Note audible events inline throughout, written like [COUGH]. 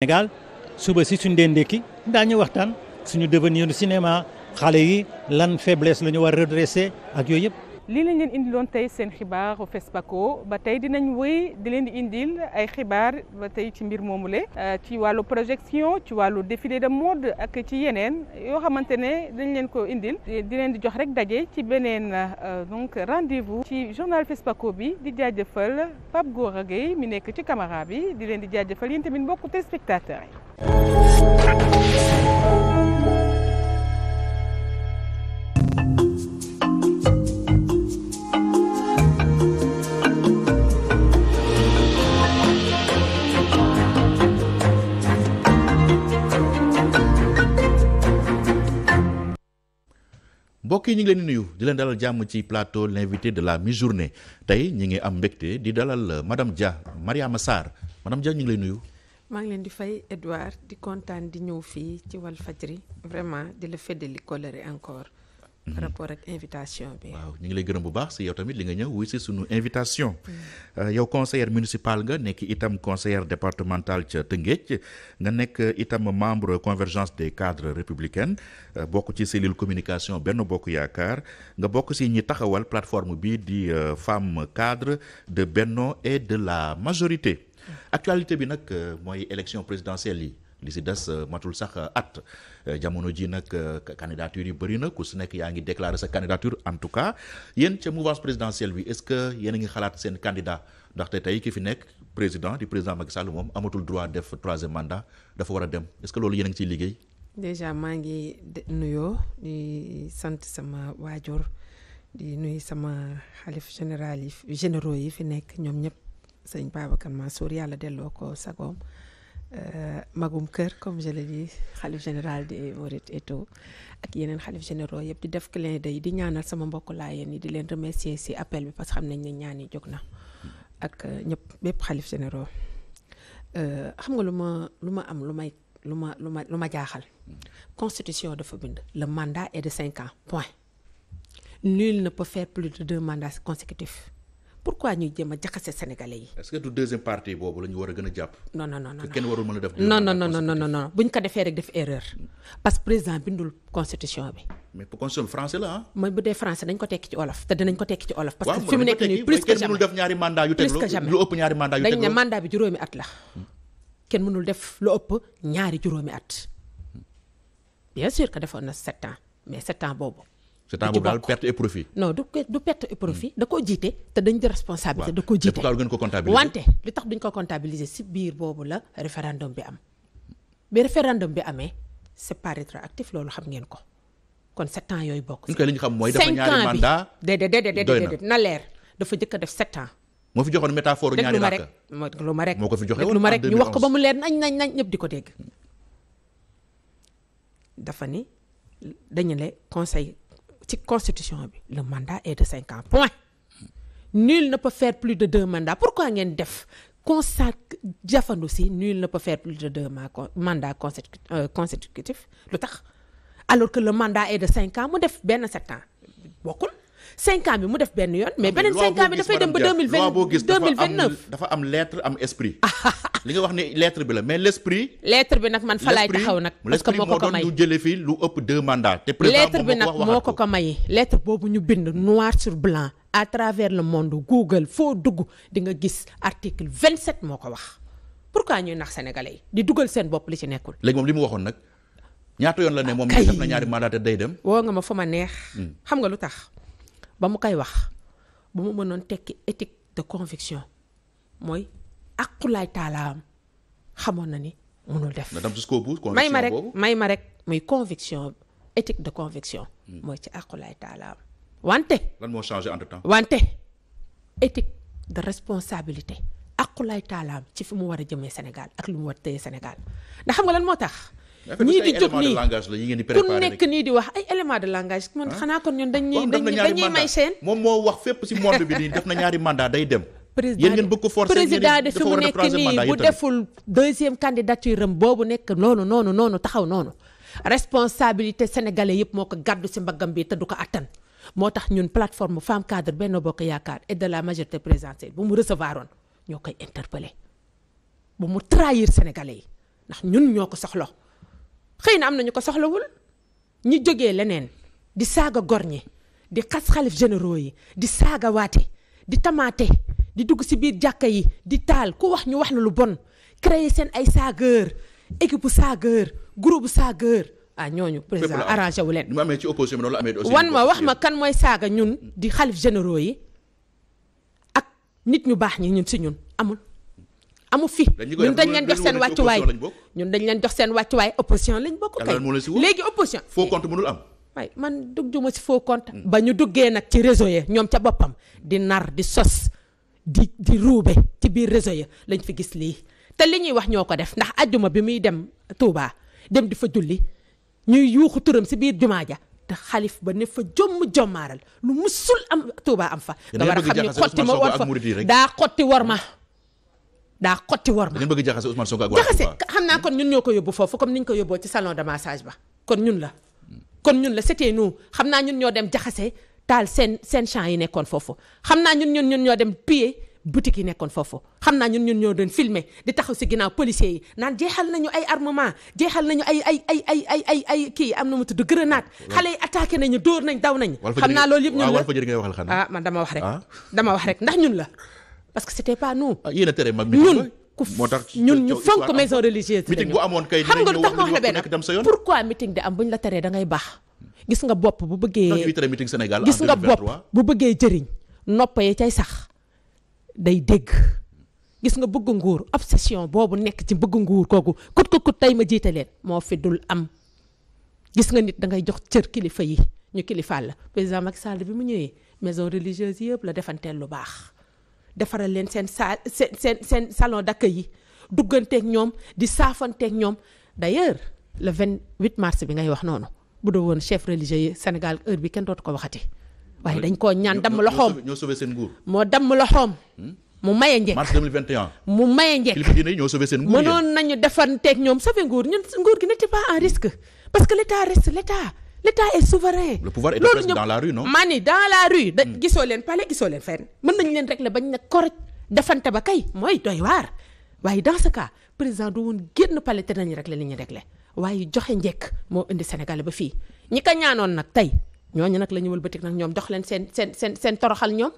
Sénégal suba si suñ dee ndékki daañu waxtaan suñu devenir du cinéma xale yi lan faiblesse la ñu war redresser ak yooyu yëpp lii lañ leen indiloon tey seen xibaaru fespako ba tey dinañ wéy di leen di indil ay xibaar ba tey ci mbir moomule euh, ci wàllu projection ci wàllu défilé de mode ak ci yeneen yoo xamante ne dañ leen ko indil di leen di jox rek daje ci beneen euh, donc rendez ci journal FESPACO bi di jaajëfal Pape Gora Gueye mi nekk ci caméra bi di leen di jaajëfal yéen tamit mbokku téléspectateurs yi mbokk yi ñu ngi leen di nuyu di leen dalal jàmm ci plateau l'invité de la mi-journée tey ñu ngi am mbégte di dalal euh, madame Dia Mariama Sarr madame Dia ñu ngi lay nuyu. maa ngi leen di fay Edouard di kontaan di ñëw fii ci Walfadjri vraiment di la feddali colère encore. par mm-hmm. rapport ak invitation waaw ñu ngi lay gërëm bu baax si yow tamit li nga ñëw wuy si sunu invitation. Mm. Euh, yow conseillère municipal nga nekk itam conseillère départemental ca Tëngéej nga nekk itam membre convergence des cadre républicain euh, bokk ci cellule communication benn bokk yaakaar nga bokk si ñi taxawal plateforme bi di euh, femme cadre de Benno et de la majorité mm. actualité bi nag mooy élection présidentielle yi. li si des euh, matul sax euh, at euh, jamono ji nag candidature yi bëri na ku si nekk yaa ngi déclaré sa candidature en tout cas yéen ca mouvance présidentielle bi est-ce que yéen ngi xalaat seen candidat ndaxte tey ki fi nekk président di président Macky Sall moom amatul droit def troisième mandat dafa war a dem est-ce que loolu yéen a ngi ciy liggéey. déjà maa ngi nuyoo di sant sama waajur di nuyu sama xalif général yi généraux yi fi nekk ñoom ñëpp sëñ Babacar Mansour yàlla delloo ko sagoom Euh, magum kër comme je l'ai dit xalif général des Mourides et ak yeneen xalif généraux yëpp di def clin d'œil di ñaanal sama mbokk laayeen yi di leen remercier ci appel bi parce que xam nañ ne ñaan yi jóg na ak euh, ñëpp bépp xalif généraux euh, xam nga lu ma lu ma am lu may lu ma lu ma lu ma jaaxal constitution dafa bind le mandat est de cinq ans point nul ne peut faire plus de deux mandats consécutifs pourquoi ñuy jéem a jaxase sénégalais yi. est-ce que du deuxième partie boobu la ñu war a gën a jàpp. non non non non kenn warul mën a def. non non non non non bu ñu ko defee rek def erreur parce que président bindul constitution bi. mais pour constitution français la ah. mooy bu dee français dañ ko tekki ci olof te dinañ ko tekki ci olof. parce que fi mu nekk nii plus que jamais def ñaari mandat yu teg lu ëpp ñaari mandat yu teg dañ ne mandat bi juróomi at la hmm. kenn mënul def lu ëpp ñaari juróomi at hmm. bien sûr que defoon na sept ans mais sept ans boobu c'est-à-dire boobu daal perte et profit. non du perte et profit te dañ di responsabilité. da koo jiite gën ko wante li tax duñ ko comptabiliser si biir boobu la référendum bi am bi référendum bi amee c'est pas rétroactif loolu xam ngeen ko kon sept yooyu bokk. li ñu xam mooy dafa ñaari mandat na leer dafa njëkk def sept moo fi joxoon métaphore ñaari rakk déglu ma rek moo ko fi joxe woon ma rek ñu wax ko ba mu leer nañ nañ nañ ñëpp di ko dégg. dafa ni dañu ne conseil ci constitution bi le mandat est de cinq ans point nul ne peut faire plus de deux mandats pourquoi ngeen def constat jafandou si nul ne peut faire plus de deux mandats euh, consécutifs lu tax alors que le mandat est de cinq ans mu def benn sept bokkul cinq ans bi mu def benn yoon. mais beneen cinq ans bi dafay dem ba deux mille vingt deux mille dafa am lettre am esprit. [LAUGHS] li nga wax ne lettre bi la mais l' esprit. lettre bi nag man fa laay taxaw nag. parce que moo ko ko may ñu fii lu ëpp deux mandats. te président lettre ko ko may lettre boobu ñu bind noir sur blanc à travers le monde Google foo dugg di nga gis vingt 27 moo ko wax. pourquoi ñuy nax sénégalais yi di dugal seen bopp li ci nekkul. léegi moom li mu waxoon nag ñaata yoon la ne moom. Ah, def na ñaari mandat day dem. woo nga ma fa ma neex. Hmm. xam nga lu tax. ba mu koy wax ba mu mënoon tekki éthique de conviction mooy aqulaay taalaam xamoon na ni mënul def. may ma rek may ma rek muy conviction éthique de conviction. Hmm. mooy ci aqulaay taalaam. wante. lan moo changé wante éthique de responsabilité akkulaay taalaam ci fi mu war a jëmee Sénégal ak lu mu war a Sénégal ndax xam nga lan moo tax. ñii di jóg nii ku nekk nii di wax ay élément de langage ah? man xanaa kon ñun dañuy dañuy may seen moom moo wax fépp ci monde bi nii def na ñaari mandat day dem yéen ngeen bëgg président de fi mu nekk nii bu deful deuxième candidature am boobu nekk noonu noonu noonu taxaw noonu responsabilité sénégalais yëpp moo ko gàddu si mbaggam bi te du ko attan moo tax ñun plateforme femme cadre Benno Bokk Yaakaar et de la majorité présidentielle bu mu recevoir oon ñoo koy interpeller bu mu trahir sénégalais yi ndax ñun ñoo ko soxlo xëy na am na ñu ko soxlawul ñu jóge leneen di saaga gor ñi di xas xalif généraux yi di saaga waate di tamaate di dugg ci biir jàkka yi di taal ku wax ñu wax la lu bon créer seen ay saageur équipe saageur groupe saageur ah ñooñu président arrangé wu leen. ni ci opposition wan ma wax ma kan mooy saaga ñun di xalif généraux yi ak nit ñu baax ñi ñun ci ñun amul. amu fi ñun dañ leen jox seen wàccuwaay ñun dañ leen jox seen wàccuwaay opposition lañ bokk kay léegi opposition faux compte mënul am waaye man dugjuma si faux compte ba ñu duggee nag ci réseau ya ñoom ca boppam di nar di sos di di ruube ci biir réseau ya lañ fi gis lii te li ñuy wax ñoo ko def ndax ajjuma bi muy dem Touba dem di fa julli ñuy yuuxu turam si biir jumaa ja te xalif ba ne fa jomm jommaaral lu musul am Touba am fa nga war a xam ni xotti ma war fa daa xotti war ma daa xotti war ma. dañu bëgg jaxase Ousmane xam naa kon ñun ñoo ko yóbbu foofu comme ni ñu ko yóbboo ci salon de massage ba kon ñun la. kon ñun la c'était nous xam naa ñun ñoo dem jaxase taal seen seen champs yi nekkoon foofu xam naa ñun ñun ñun ñoo dem piller boutique yi nekkoon foofu xam naa ñun ñun ñoo doon filmer di taxaw si ginnaaw policiers yi naan jeexal nañu ay armement jeexal nañu ay ay ay ay ay ay ay kii am na mu tudd grenade xale yi attaqué nañu dóor nañ daw nañ xam naa loolu yëpp ñun la ah man dama wax rek ah? dama wax rek ndax ñun la parce que c'était pas nous. Ah, a tere ma ñun ñu fonk maison religieuse. meeting bu amoon kay xam nga lu tax ma wax la pourquoi meeting di am bu ñu la teree da baax. gis nga bopp bu bëggee ñuy tere meeting Sénégal gis nga bopp bu bëggee jëriñ nopp ya cay sax day dégg. gis nga bëgg nguur obsession boobu nekk ci bëgg nguur kooku kut ko kut tey ma jiite leen moo fi am gis nga nit da ngay jox cër kilifa yi ñu kilifaal la président Macky Sall bi mu ñëwee maison religieuse yëpp la defanteel lu baax. defaral leen seen saa seen seen seen salon dakk yi dugganteeg ñoom di saafanteeg ñoom d'ailleurs le 28 mars bi ngay wax noonu bu dee woon chef religieux yi Sénégal heure bi kenn dootu ko waxati. waaye dañ koo ñaan damm loxoom ñoo sauvé seen nguur. moo damm loxoom. Hmm? mu maye njëkk mars 2021. mu maye njëkk kilifa diine yi ñoo sauvé seen nguur mënoon nañu defanteeg ñoom sauvé nguur ñun nguur gi n'était pas en risque parce que l'État reste l'État l'État est souverain. le pouvoir est presque dans la rue non. maa ni dans la rue. da hmm. gisoo leen pale gisoo leen fen mën nañ leen rek la bañ na koroj defante ba kay mooy doy waar waaye dans ce cas président du woon génn palais te nañu rek la li ñu rek la waaye joxe njekk moo indi Sénégal ba fii ñi kañaanoon nag tey ñooñu nag la ñu wëlbatik nag ñoom jox leen seen seen seen seen toroxal ñoom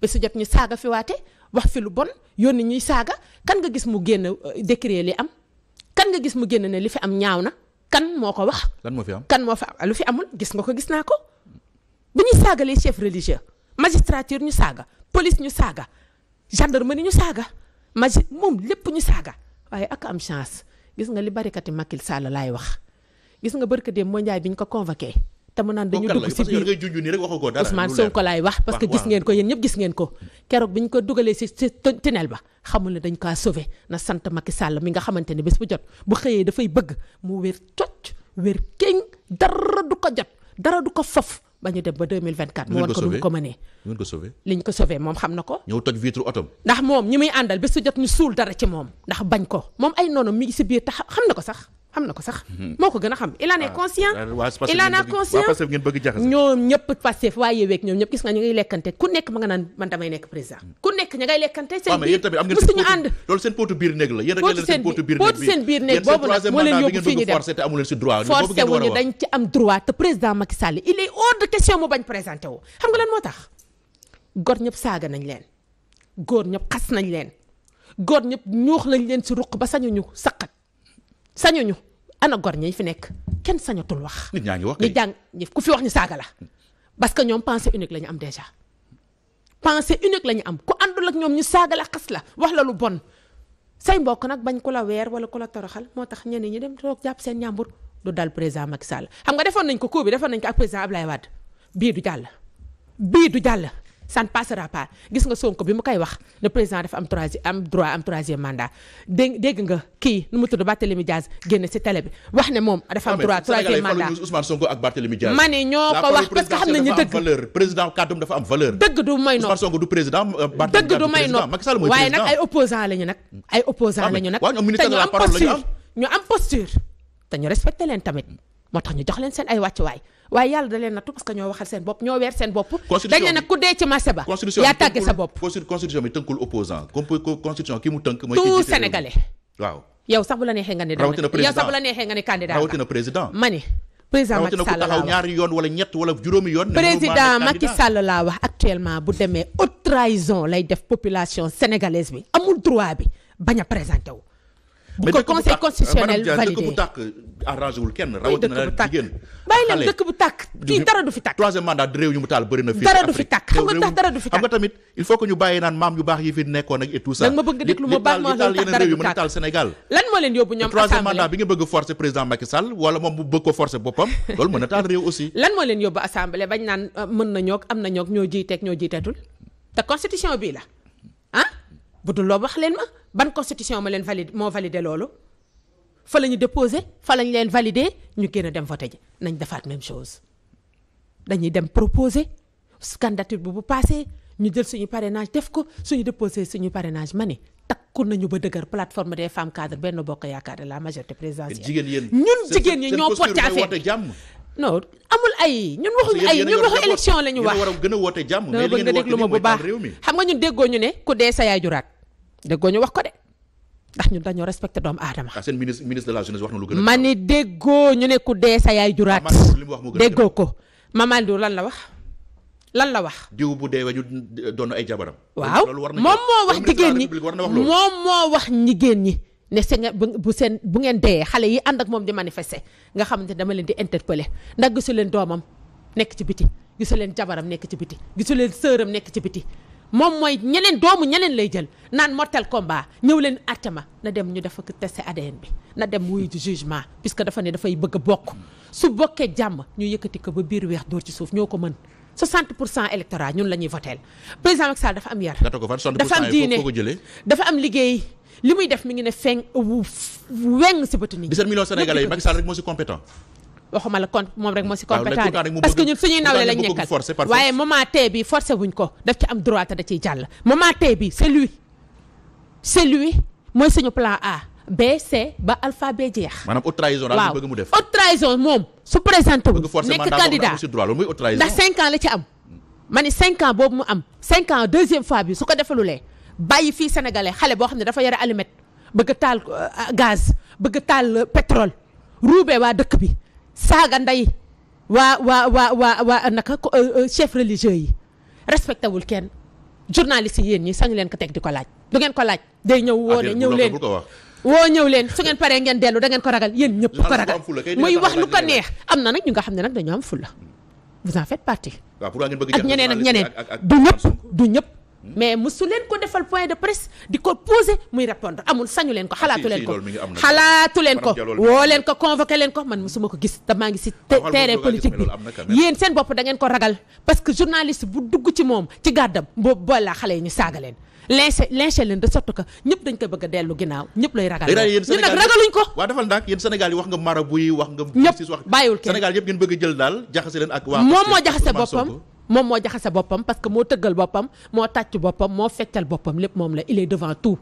ba su jot ñu saaga fi waate wax fi lu bon yoon ni ñuy saaga kan nga gis mu génn euh, décrier li am kan nga gis mu génn ne li fi am ñaaw na. kan moo ko wax. lan moo kan moo fa am lu fi amul gis nga ko gis naa ko bu ñuy saagalee chef religieux magistrature ñu saaga police ñu saaga ni ñu saaga magi moom lépp ñu saaga waaye ak am chance gis nga li barikati Macky Sall laay wax gis nga barke dem moo Ndiaye bi ñu ko convoqué. te mu naan dañu dugg si biir Ousmane Sonko laay wax parce gis ngeen ko yéen ñëpp gis ngeen ko keroog bi ñu ko dugalee si si tunnel ba xamul ne dañ kaa sauvé na sant Macky sàll mi nga xamante ne bés bu jot bu xëyee dafay bëgg mu wér cocc wér kéñ dara du ko jot dara du ko fof ba ñu dem ba 2024 mu wan ko nu mu ko mënee ñu liñ ko sauvé moom xam na ko ñëw toj vitre otom ndax moom ñi muy àndal bés bu jot ñu suul dara ci moom ndax bañ ko moom ay noonu mi ngi si biir te xam na ko sax am na ko sax. Mhm. moo ko gën a xam il en est ah, conscient. il en conscient ñoom ñëpp Pastef waa Yewwi ak ñoom ñëpp gis nga ñu ngi lekkante ku nekk ma nga naan man damay nekk président. Mm. ku nekk ña ngay lekkante seen biir mosuñu ànd loolu seen pootu biir néeg la yéen a seen biir néeg boobu nag moo leen yóbbu fii ñu dem te amu si droit forcé wuñu dañ ci am droit te président Macky Sall il est question mu bañ présenté xam nga lan moo tax góor nañ leen góor ñëpp xas nañ leen góor ñëpp ñuux lañ leen si ruq ba sañuñu saqat sañuñu ana gor ñi fi nekk kenn sañatul wax. nit wax ñi jàng ñi ku fi wax ñu saaga la. parce que ñoom pensée unique lañu am déjà. pensée unique la ñu am ku àndul ak ñoom ñu saaga la xas la wax la lu bon say mbokk nag bañ ku la weer wala ku la toroxal moo tax ñenn ñi dem toog jàpp seen ñàmbur du dal président Macky Sall xam nga defoon nañ ko coup bi defoon nañ ko ak président Ablaye Wade bii du jàll bii du jàll. ça ne passera gis nga Sonko bi mu koy wax le président dafa am troisième am droit am troisième mandat dégg dégg nga kii nu mu tudd Barthélémy Diaz génn ci télé bi wax ne moom dafa am droit troisième mandat Ousmane Sonko ak Barthélémy Diaz ma ne ñoo ko wax parce que xam nañu dëgg valeur président kàddoom dafa am du may nopp euh, waaye nag ay opposant lañu nag ay opposant lañu nag te ñu am posture ñu am posture te ñu respecté leen tamit moo tax ñu jox leen seen ay waay waaye yàlla da leen nattu parce que ñoo waxal seen bopp ñoo weer seen bopp. constitution dañ ne nag ku dee ci marché ba. yaa tàgge sa bopp constitution bi tënkul opposant constitution ki mu tënk. mooy tout sénégalais. waaw yow sax bu la neexee nga ne. rawatina président yow sax bu la neexee nga ne candidat rawatina président ma ne. président Macky Sall laa wax ñaari yoon wala ñett wala juróomi yoon. président Macky Sall laa wax actuellement bu demee haute trahison lay def population sénégalaise bi amul droit bi bañ a présenté wu. bu ko conseil constitutionnel validé dëkk bu tàkk arrangé wul kenn rawatina la jigéen bàyyi leen dëkk bu tàkk kii dara du fi tàkk troisième mandat réew ñu mu taal bëri na fii dara du fi tàkk xam nga tax dara du fi tàkk xam nga tamit il faut que ñu bàyyi naan maam yu baax yi fi nekkoon ak et tout ça da nga ma bëgg déglu ma baax ma tax dara du tàkk taal Sénégal lan moo leen yóbbu ñoom troisième mandat bi nga bëgg forcer président Macky Sall wala moom bu bëgg ko forcer boppam loolu mën na taal réew aussi lan moo leen yóbbu assemblée bañ naan euh, mën na ñoog am na ñoog ñoo jiiteeg ñoo jiiteetul te constitution bii la ah bu dul loo wax leen ma ban constitution ma leen valide moo validé loolu fa la ñu déposé fa la leen valider ñu génn dem voté ji nañ defaat même chose dañuy dem proposé candidature bi bu passé ñu jël suñu parrainage def ko suñu déposé suñu parrainage ma ne takku nañu ba dëgër plateforme des femmes cadres benn bokk yaakaar de la majorité présidentielle ñun jigéen ñi ñoo porté affaire non amul ay ñun waxuñu ay ñun waxu élection la wax gën a woote jàmm mais ma bu baax xam nga ñun déggoo ñu ne ku dee sa yaay juraat déggoo ñu wax ko de ndax ñun dañoo respecté doom aadama. ah seen ministre ministre de la jeunesse wax na lu gën a. ma ni déggoo ñu ne ku dee sa yaay juraat. déggoo ko ma Ndour lan la wax. lan la wax. diw bu deewee ñu doon ay jabaram. waaw moom moo wax jigéen ñi moom moo wax jigéen ñi. ne seen bu seen bu ngeen dee xale yi ànd ak moom di manifester nga xam xamante dama leen di interpeller ndax gisu leen doomam nekk ci biti gisu leen jabaram nekk ci biti gisu leen sëram nekk ci biti moom mooy ñeneen doomu ñeneen lay jël naan mortel combat ñëw leen àtte ma na dem ñu dafa testé ADN bi na dem wuyu ji jugement puisque dafa ne dafay bëgg bokk su bokkee jàmm ñu yëkkati ko ba biir weex dóor ci suuf ñoo ko mën 60 pour cent électorat ñun la ñuy voteel président Macky Sall dafa am yar dafa am diine dafa am liggéey li muy def mi ngi ne feng weng si bëtu nit 17 millions sénégalais yi Macky rek moo si compétent waxuma la kon moom rek moo si compétent parce que ñun suñuy nawle lañ nekkal waaye moment T bi forcé wuñ ko daf ci am droit te da ciy jàll moment T bi c'est lui c'est lui mooy suñu plan A B C ba alpha B jeex. maanaam haute trahison daal bëgg mu def waaw haute trahison moom su présenté wu nekk candidat ndax cinq ans la ci am ma ni cinq ans boobu mu am cinq ans deuxième fois bi su ko defalulee bàyyi fii sénégalais xale boo xam ne dafa yore allumette bëgg taal euh, gaz bëgg taal euh, pétrole ruubee waa dëkk bi saaga ndey waa waa waa waa waa naka euh, euh, chef religieux yi respecté wul kenn journaliste yi yéen ñi sañu leen ko teg di ko laaj du ngeen ko laaj day ñëw ah, woone ñëw leen woo ñëw leen su ngeen paree ngeen dellu da ngeen ko ragal yéen ñëpp ko ragal muy wax lu ko neex am na nag ñu nga xam ne nag dañoo am fulla vous en faites partie ak ñeneen ak ñeneen du ñëpp du ñëpp mais mosu leen ko defal point de presse di ko poser muy répondre amul sañu leen ko ah, xalaatu leen ko xalaatu leen ko woo leen ko convoqué leen ko man mosuma ko gis te maa ngi si terrain politique bi yéen seen bopp dangeen ko ragal parce que journaliste bu dugg ci moom ci gàddam boobu boolaa xale yi ñu saaga leen lynché lynché leen de sorte que ñëpp dañ ko bëgg a dellu ginnaaw ñëpp lay ragal ñun nag ragaluñ ko waa defal nag yéen Sénégal yi wax nga marabu yi wax nga a jël daal jaxase leen ak moom moo jaxase boppam parce que moo tëggal boppam moo tàcc boppam moo feccal boppam lépp moom la il est devant tout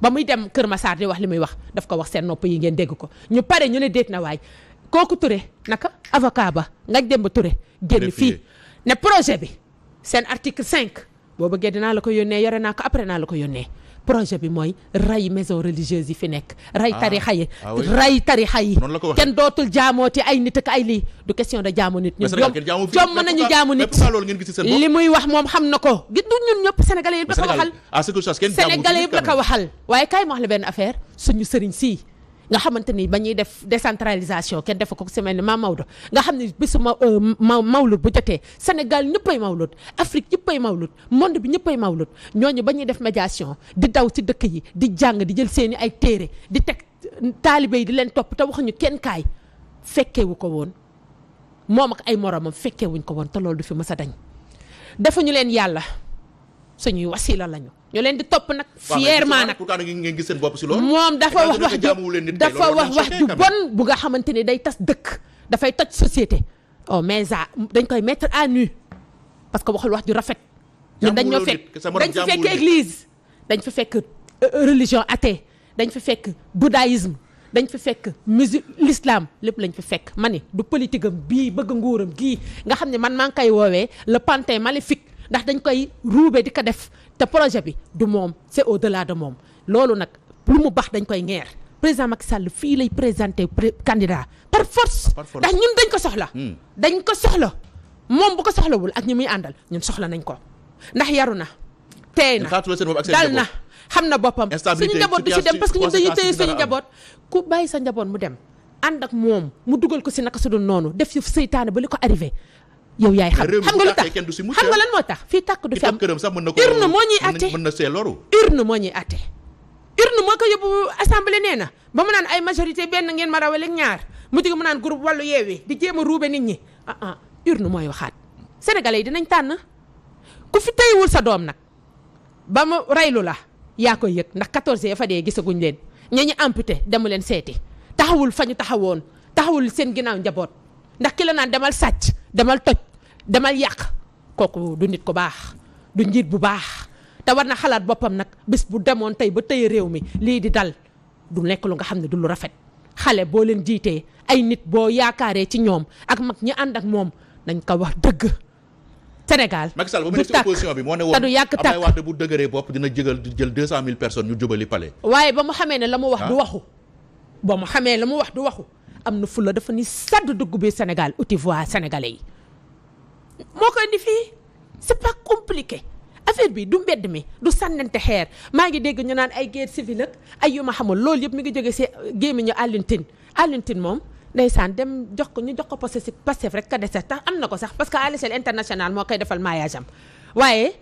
ba muy dem Kër Massar di wax li muy wax daf ko wax seen nopp yi ngeen dégg ko ñu pare ñu ne déet na waay kooku Touré naka avocat ba nga dem ba Touré génn fii ne projet bi seen article 5 boo bëggee dinaa la ko yónnee yore naa ko après naa la ko yónnee projet bi mooy ray maison religieuse yi fi nekk ray tarixa ah. yi ah ray tarixa yi kenn dootul jaamooti ay nit ak ay du question de jaamu nit ñun jom mën nañu jaamu nit li muy wax moom xam na ko gis du ñun ñëpp sénégalais yëpp la ko waxal sénégalais yëpp la ko waxal waaye kaay ma wax la benn affaire suñu sëriñ sii nga xamante ni ba ñuy def décentralisation kenn defu ko ku si mel ni Maodo nga xam ne bisu ma euh, ma mawlud bu jotee Sénégal ñëppay mawlud Afrique ñëppay mawlud monde bi ñëppay mawlud ñooñu ba ñuy def médiation di daw ci dëkk yi di jàng di jël seeni ay téere di teg taalibe yi di leen topp te waxuñu kenn kaay fekkewu ko woon moom ak ay moromam fekkewuñ ko woon te loolu du fi mës a dañ defuñu leen yàlla suñuy wasila lañu. ñu leen di topp nag. fièrement nag pourtant ngeen gis seen si loolu. moom dafa wax wax ju dafa wax wax ju bon bu nga xamante ni day tas dëkk dafay toj société. oh mais ça dañ koy mettre à nu parce que waxul wax ju rafet. ñun dañ ñoo fekk dañ fi fekk église. dañ fi fekk euh, religion athée dañ fi fekk bouddhisme dañ fi fekk musul lislaam lépp lañ fi fekk ma ni du politique bii bëgg nguuram gii nga xam ne man maa ngi koy woowee le pantin maléfique ndax dañ koy ruube di ko def te projet bi du moom c'est au-delà moom loolu nag lu mu baax dañ koy ngeer président Macky Sall fii lay présenté candidat par force ndax ñun dañ ko soxla hmm. dañ ko soxla moom bu ko soxlawul ak ñi muy àndal ñun soxla nañ ko ndax yaru na teey na dal na xam na boppam suñu njaboot du ci dem parce que ñun dañuy téye suñu njaboot ku bàyyi sa njaboot mu dem ànd ak moom mu dugal ko si naka su dul noonu def yëf seytaane ba li ko arrivé yow yaay xam xam nga lu tax xam nga lan moo tax fii tàkk du fi am urne moo ñuy atte urne moo ñuy atte ko yóbbu assemblée nee na ba mu naan ay majorité benn ngeen ma rawale ak ñaar mu jigi mu naan groupe wàllu yeewi di jéem a ruube nit ñi ah, ah mooy waxaat sénégalais yi dinañ tànn ku fi teyewul sa doom nag ba mu reylu la yaa koy yëg ndax 14 ya fa dee gisaguñ leen ña ñu amputé demu leen seeti taxawul fa ñu taxawoon taxawul seen ginnaaw njaboot ndax ki la naan demal sàcc demal toj demal yàq kooku du nit ku baax du njiit bu baax te war na xalaat boppam nag bis bu demoon tey ba tey réew mi lii di dal du nekk lu nga xam ne du lu rafet xale boo leen jiitee ay nit boo yaakaaree ci ñoom ak mag ñi ànd ak moom nañ ko wax dëgg Sénégal Macky Sall ba mu nekk ci bi moo ne woon te du yàq tàkk te Wade bu dëgëree bopp dina jëgal jël deux cent mille personnes ñu jubali palais waaye ba mu xamee ne la mu wax du ah. waxu ba mu xamee la mu wax du waxu am na fulla dafa ni sadd dugg bi Sénégal uti voix sénégalais yi moo ko indi fii c'est pas compliqué affaire bi du mbedd mi du sànnante xeer maa ngi dégg ñu naan ay guerre civile ak ay yu ma xamul lool yëpp mi ngi jóge si gémmiñu Alioune Tine Alioune Tine moom ndeysaan dem jox ko ñu jox ko Pastef rek ka dese tax am na ko sax parce que à l'échelle internationale moo koy defal maillage waaye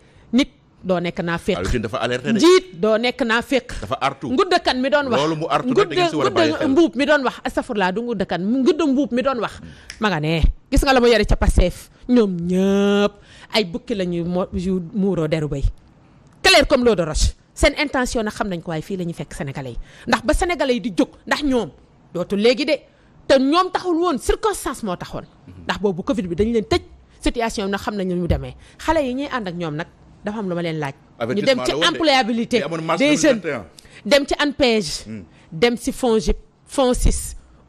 doo nekk naa fekk dafa alerté njiit doo nekk naa fekk dafa artu nguddakan mi doon wax loolu mu artu ngudda mbuub mi doon wax astafurlaa du nguddakan ngudda mbuub mi doon wax hmm. ma nga ne gis nga la mu yore ca Pastef ñoom ñëpp ay bukki la ñuy yu muuroo deru bay clair comme loo de roche seen intention na xam nañ ko waaye fii la ñuy fekk sénégalais yi ndax ba sénégalais yi di jóg ndax ñoom dootul léegi de te ñoom taxul woon circonstance moo taxoon hmm. ndax boobu covid bi dañu leen tëj situation na xam nañ ñu demee xale yi ñuy ànd ak ñoom nag dafa am lu ma leen laaj. ñu dem ci employabilité des jeunes dem ci ANPEJ. Hmm. dem si FONGIP FONSIS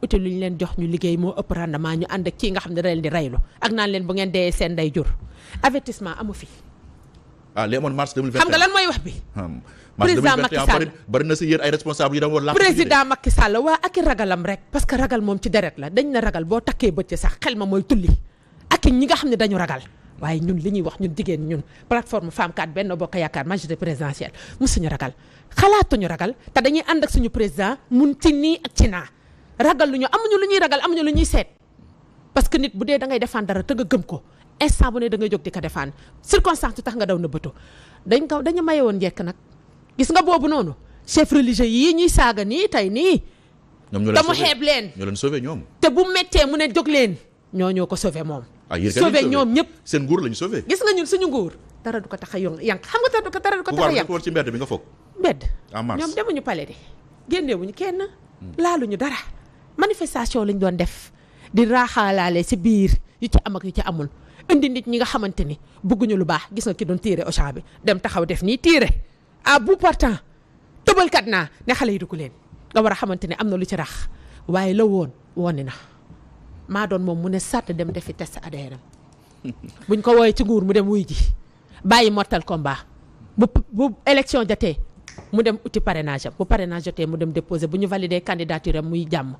uti lu ñu leen jox ñu liggéey moo ëpp rendement ñu ànd ak kii nga xam ne da leen di reylu ak naan leen bu ngeen dee seen day jur avertissement amu fi. ah li xam nga lan mooy wax bi. Hmm. président Macky Sall na si yéen ay responsable yu doon président Macky Sall waa ak ragalam rek parce que ragal moom ci deret la dañ na ragal boo takkee bët sax xel ma mooy tulli ak ñi nga xam ne dañu ragal. waaye ñun li ñuy wax ñun jigéen ñun plateforme femme 4 benn bokk yaakaar majorité présidentielle mu suñu ragal xalaat xalaatuñu ragal te dañuy ànd ak suñu président mun ci nii ak ci naa ragal lu ñu am lu ñuy ragal amuñu lu ñuy seet parce que nit bu dee dangay defaan dara te nga gëm ko instant bu ne da ngay jóg di ko défendre circonstance bi tax nga daw na bëtu dañ ko dañu maye woon njekk nag gis nga boobu noonu chef religieux yi ñuy saaga nii tey nii te mu xeeb leen ñoo leen sauvé ñoom te bu méttee mu ne jóg leen ñoo ñoo ko sauvé moom ah yéen sauvé ñoom ñëpp seen nguur la ñu gis nga ñun suñu nguur dara du ko tax a yong yànq xam nga dara du ko dara tax a yànq war ci mbedd bi nga foog mbedd en mars ñoom demuñu pale de kenn hmm. laaluñu dara manifestation lañ doon def di raaxaalaale si biir yu ci am yu ci amul indi nit ñi nga xamante ni bëgguñu lu baax gis nga ki doon tiire Auchan bi dem taxaw def nii tiire à bout portant tëbalkat naa ne xale yi ko leen nga war a xamante ne am na lu ci rax waaye la woon woon na maa doon moom mu ne sàtt dem defi test ADN am buñ ko woowee ci nguur mu dem wuy ji bàyyi mortal combat bu bu élection jotee mu dem uti parrainage am bu parrainage jotee mu dem déposé bu ñu valider candidature am muy jàmm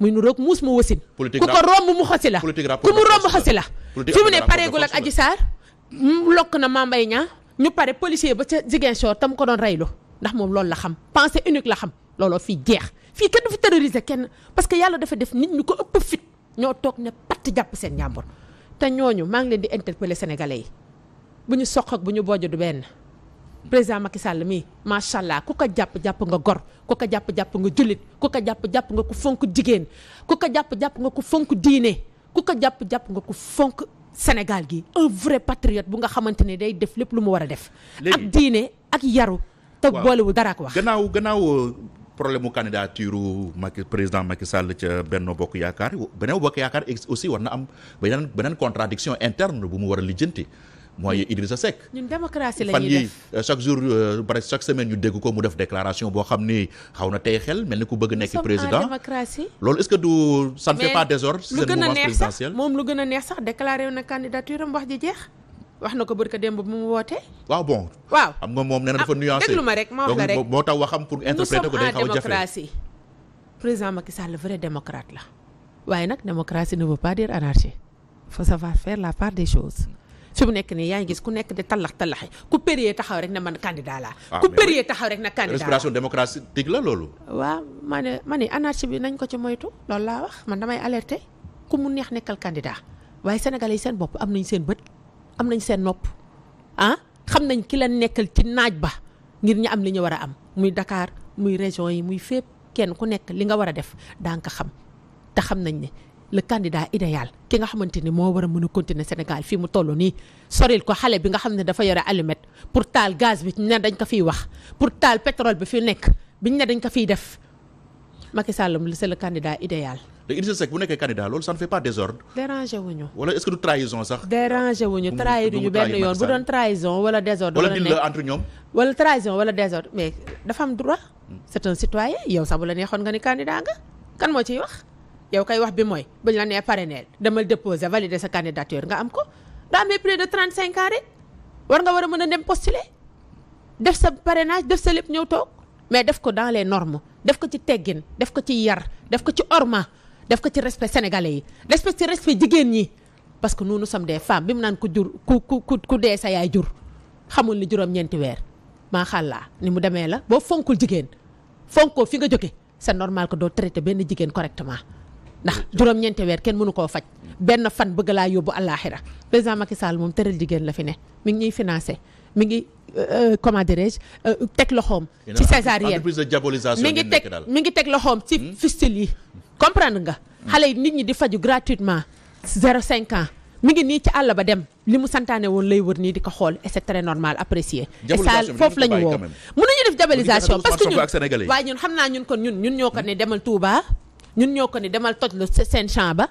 muy nu muus mu wasin ku ko romb mu xosi la ku mu romb xosi la fi mu ne pareegul ak Adji Sarr lokk na Mame Mbaye Niang ñu pare policier ba ca Ziguinchor tam ko doon reylu ndax moom loolu la xam pensée unique la xam looloo fii jeex fii kenn que yàlla dafa def nit ñoo toog ne patt jàpp seen njàmbur te ñooñu maa ngi leen di interpeller sénégalais yi bu ñu soq ak bu ñu bojj du benn président Macky Sall mii macha allah ku ko jàpp jàpp nga gor ku ko jàpp jàpp nga jullit ku ko jàpp jàpp nga ku fonk jigéen ku ko jàpp jàpp nga ku fonk diine ku ko jàpp jàpp nga ku fonk Sénégal gi un vrai patriote bu nga xamante ne day def lépp lu mu war a def. ak diine ak yaru. te boolewul dara ak wax. gannaaw euh, problème mu candidature Macky président Macky Sall ca Benno Bokk Yaakaar Benno Bokk Yaakaar aussi war na am beneen beneen contradiction interne bu mu war a lijjanti mooy mm. Idrissa Seck. ñun démocratie euh, chaque jour euh, pare chaque semaine ñu dégg ko mu def déclaration boo xam ni xaw na tey xel mel ni ku bëgg nekk président loolu est-ce que du. ça ne fait pas désordre. seen mouvance présidentielle lu gën a moom lu gën a neex sax déclaré na candidature am wax ji jeex. wax na ko barka démb bu mu wootee. waaw bon. waaw xam nga moom nee na ah, dafa nuancé déglu ma rek ma wax la rek moo tax waxam pour interpréter a jafe démocratie président Macky Sall vrai la. waaye nag démocratie ne veut pas dire anarchie. il faut la part su mu nekk nii yaa ngi gis ku nekk di tallax tallaxe ku périllé taxaw rek na man candidat laa. Ah, taxaw rek na candidat respiration démocratique la loolu. waaw ma ne ma ne anarchie bi nañ ko ci moytu loolu laa wax man damay alerter ku mu neex nekkal candidat waaye sénégalais yi seen bopp am nañ seen bët. am nañ seen nopp ah xam nañ ki leen nekkal ci naaj ba ngir ñu am li ñu war a am muy Dakar muy région yi muy fépp kenn ku nekk li nga war a def daa nga xam te xam nañ ne le candidat idéal ki nga xamante ni moo war a mën a continuer Sénégal fii mu toll nii soril ko xale bi nga xam ne dafa yore allumette pour taal gaz bi ne dañ ko fiy wax pour taal pétrole bi fi nekk biñ ne dañ ko fiy def Macky Sall c'est le candidat idéal de Idrissa Seck bu nekkee candidat loolu ça ne fait pas désordre. déranger wuñu. wala est-ce que du trahison sax. déranger wuñu am droit. c'est un sax bu la neexoon nga ni candidat nga kan moo ciy wax. yow kay wax bi mooy buñ la nee parrainel demal déposer valider sa candidature nga am ko daa amee plus de 35 ans rek war nga war a mën a dem postuler def sa parrainage def sa lépp ñëw toog mais def ko dans les normes def ko ci teggin def ko ci yar def ko ci orma. def ko ci respect sénégalais yi respect ci respect jigéen ñi parce que nous nous sommes des femmes bi mu naan ku jur ku ku ku dee sa yaay jur xamul ni juróom-ñeenti weer maa xàllaa ni mu demee la boo fonkul jigéen fonkoo fi nga jóge sa normal que doo traité benn jigéen correctement ndax juróom-ñeenti weer kenn mënu koo faj benn fan bëgg laa yóbbu àllaaxira président Macky Sall moom tëral jigéen la fi ne mi ngi ñuy financé mi ngi euh, euh, comment dirais-je euh, teg loxoom. ci césarienne mi ngi teg mi ngi teg loxoom ci hmm? fistule yi. comprendre nga. xale yi nit ñi di faju gratuitement. 0,5 ans mi ngi nii ci àll ba dem li mu santaane woon lay wër nii di ko xool et c'est très normal apprécié. et ça foofu la ñu woo mënuñu def diabolisation parce que ñun waaye ñun xam naa ñun kon ñun ñun ñoo ko ne demal Touba ñun ñoo ko ni demal toj lu seen champ ba.